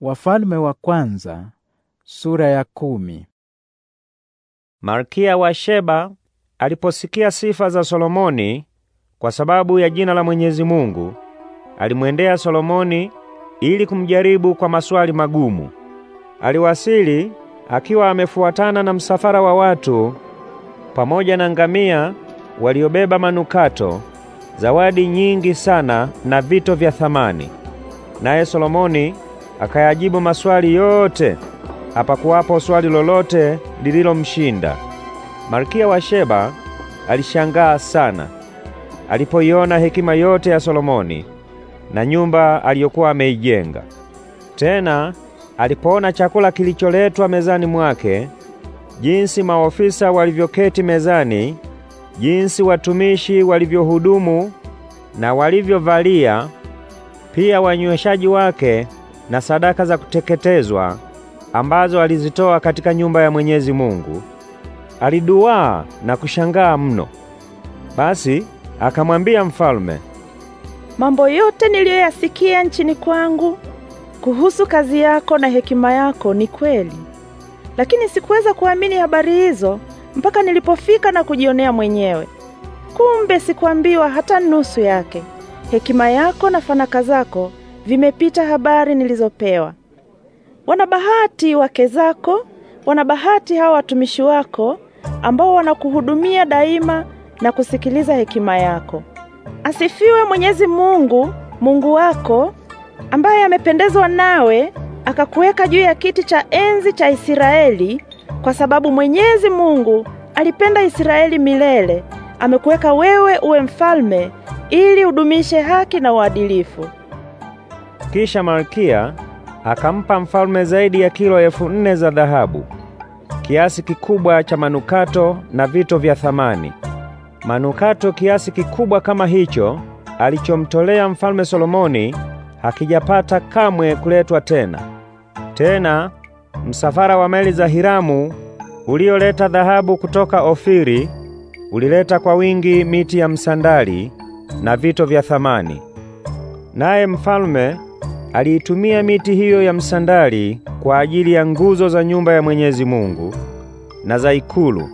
Wafalme wa kwanza sura ya kumi. Malkia wa Sheba aliposikia sifa za Solomoni kwa sababu ya jina la Mwenyezi Mungu, alimwendea Solomoni ili kumjaribu kwa maswali magumu. Aliwasili akiwa amefuatana na msafara wa watu pamoja na ngamia waliobeba manukato, zawadi nyingi sana na vito vya thamani. Naye Solomoni akayajibu maswali yote, hapakuwapo swali lolote lililomshinda. Malkia wa Sheba alishangaa sana alipoiona hekima yote ya Solomoni na nyumba aliyokuwa ameijenga. Tena alipoona chakula kilicholetwa mezani mwake, jinsi maofisa walivyoketi mezani, jinsi watumishi walivyohudumu na walivyovalia, pia wanyweshaji wake na sadaka za kuteketezwa ambazo alizitoa katika nyumba ya Mwenyezi Mungu, aliduwaa na kushangaa mno. Basi akamwambia mfalme, mambo yote niliyoyasikia nchini kwangu kuhusu kazi yako na hekima yako ni kweli, lakini sikuweza kuamini habari hizo mpaka nilipofika na kujionea mwenyewe. Kumbe sikuambiwa hata nusu yake. Hekima yako na fanaka zako vimepita habari nilizopewa. Wanabahati wake zako, wanabahati hawa watumishi wako ambao wanakuhudumia daima na kusikiliza hekima yako. Asifiwe Mwenyezi Mungu, Mungu wako ambaye amependezwa nawe akakuweka juu ya kiti cha enzi cha Israeli, kwa sababu Mwenyezi Mungu alipenda Israeli milele. Amekuweka wewe uwe mfalme ili udumishe haki na uadilifu. Kisha Malkia akampa mfalme zaidi ya kilo elfu nne za dhahabu, kiasi kikubwa cha manukato na vito vya thamani. Manukato kiasi kikubwa kama hicho alichomtolea mfalme Solomoni hakijapata kamwe kuletwa tena. Tena msafara wa meli za Hiramu ulioleta dhahabu kutoka Ofiri ulileta kwa wingi miti ya msandali na vito vya thamani. Naye mfalme aliitumia miti hiyo ya msandali kwa ajili ya nguzo za nyumba ya Mwenyezi Mungu na za ikulu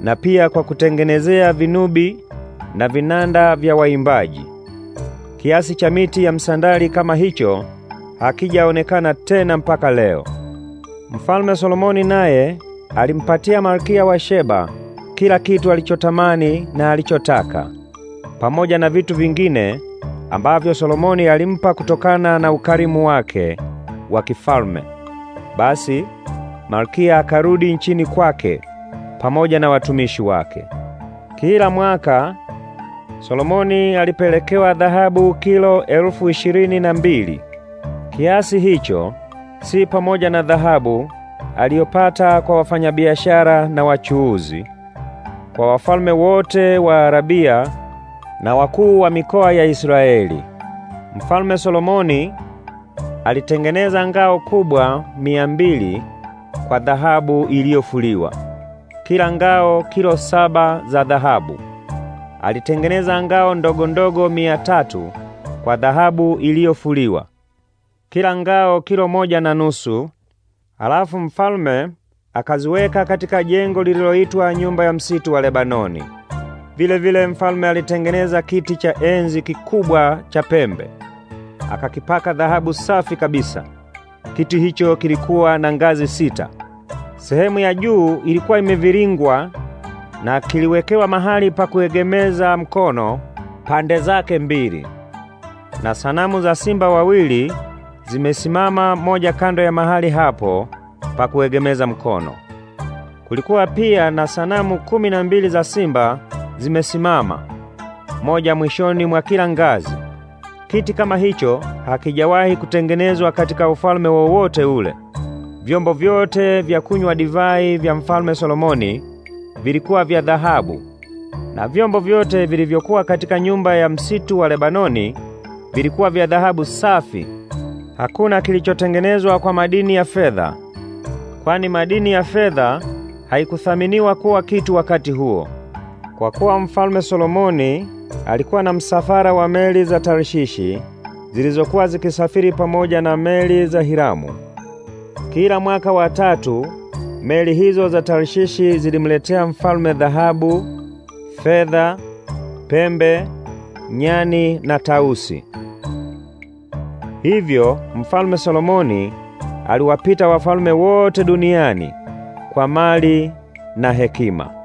na pia kwa kutengenezea vinubi na vinanda vya waimbaji. Kiasi cha miti ya msandali kama hicho hakijaonekana tena mpaka leo. Mfalme Solomoni naye alimpatia malkia wa Sheba kila kitu alichotamani na alichotaka pamoja na vitu vingine ambavyo Solomoni alimpa kutokana na ukarimu wake wa kifalme. Basi Malkia akarudi nchini kwake pamoja na watumishi wake. Kila mwaka Solomoni alipelekewa dhahabu kilo elfu ishirini na mbili. Kiasi hicho si pamoja na dhahabu aliyopata kwa wafanyabiashara na wachuuzi, kwa wafalme wote wa Arabia na wakuu wa mikoa ya Israeli. Mfalme Solomoni alitengeneza ngao kubwa mia mbili kwa dhahabu iliyofuliwa, kila ngao kilo saba za dhahabu. Alitengeneza ngao ndogo-ndogo mia tatu kwa dhahabu iliyofuliwa, kila ngao kilo moja na nusu. Alafu mfalme akaziweka katika jengo lililoitwa nyumba ya msitu wa Lebanoni. Vile vile mfalme alitengeneza kiti cha enzi kikubwa cha pembe, akakipaka dhahabu safi kabisa. Kiti hicho kilikuwa na ngazi sita. Sehemu ya juu ilikuwa imeviringwa na kiliwekewa mahali pa kuegemeza mkono pande zake mbili, na sanamu za simba wawili zimesimama moja kando ya mahali hapo pa kuegemeza mkono. Kulikuwa pia na sanamu kumi na mbili za simba zimesimama, moja mwishoni mwa kila ngazi. Kiti kama hicho hakijawahi kutengenezwa katika ufalme wowote ule. Vyombo vyote vya kunywa divai vya mfalme Solomoni vilikuwa vya dhahabu, na vyombo vyote vilivyokuwa katika nyumba ya msitu wa Lebanoni vilikuwa vya dhahabu safi. Hakuna kilichotengenezwa kwa madini ya fedha, kwani madini ya fedha haikuthaminiwa kuwa kitu wakati huo. Kwa kuwa Mfalme Solomoni alikuwa na msafara wa meli za Tarshishi zilizokuwa zikisafiri pamoja na meli za Hiramu. Kila mwaka wa tatu meli hizo za Tarshishi zilimletea mfalme dhahabu, fedha, pembe, nyani na tausi. Hivyo Mfalme Solomoni aliwapita wafalme wote duniani kwa mali na hekima.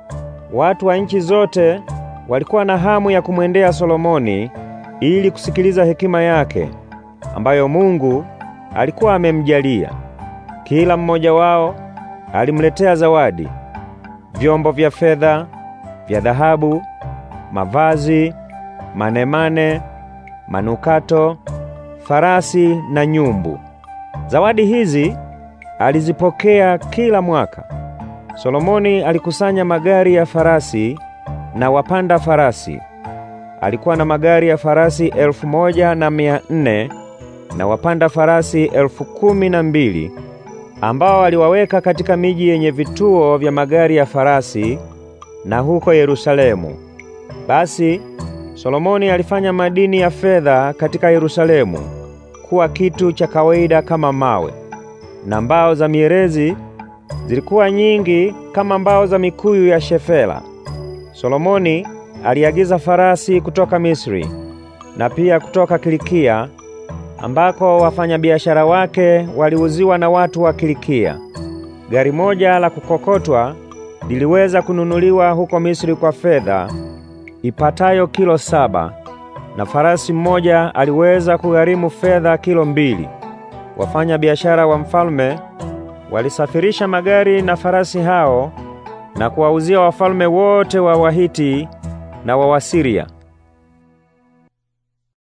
Watu wa nchi zote walikuwa na hamu ya kumwendea Solomoni ili kusikiliza hekima yake ambayo Mungu alikuwa amemjalia. Kila mmoja wao alimletea zawadi: vyombo vya fedha, vya dhahabu, mavazi, manemane, manukato, farasi na nyumbu. Zawadi hizi alizipokea kila mwaka. Solomoni alikusanya magari ya farasi na wapanda farasi. Alikuwa na magari ya farasi elfu moja na mia nne na wapanda farasi elfu kumi na mbili ambao aliwaweka katika miji yenye vituo vya magari ya farasi na huko Yerusalemu. Basi Solomoni alifanya madini ya fedha katika Yerusalemu kuwa kitu cha kawaida kama mawe na mbao za mierezi zilikuwa nyingi kama mbao za mikuyu ya shefela. Solomoni aliagiza farasi kutoka Misri na pia kutoka Kilikia ambako wafanyabiashara wake waliuziwa na watu wa Kilikia. Gari moja la kukokotwa liliweza kununuliwa huko Misri kwa fedha ipatayo kilo saba na farasi mmoja aliweza kugharimu fedha kilo mbili. Wafanya biashara wa mfalme Walisafirisha magari na farasi hao na kuwauzia wafalme wote wa Wahiti na wa Wasiria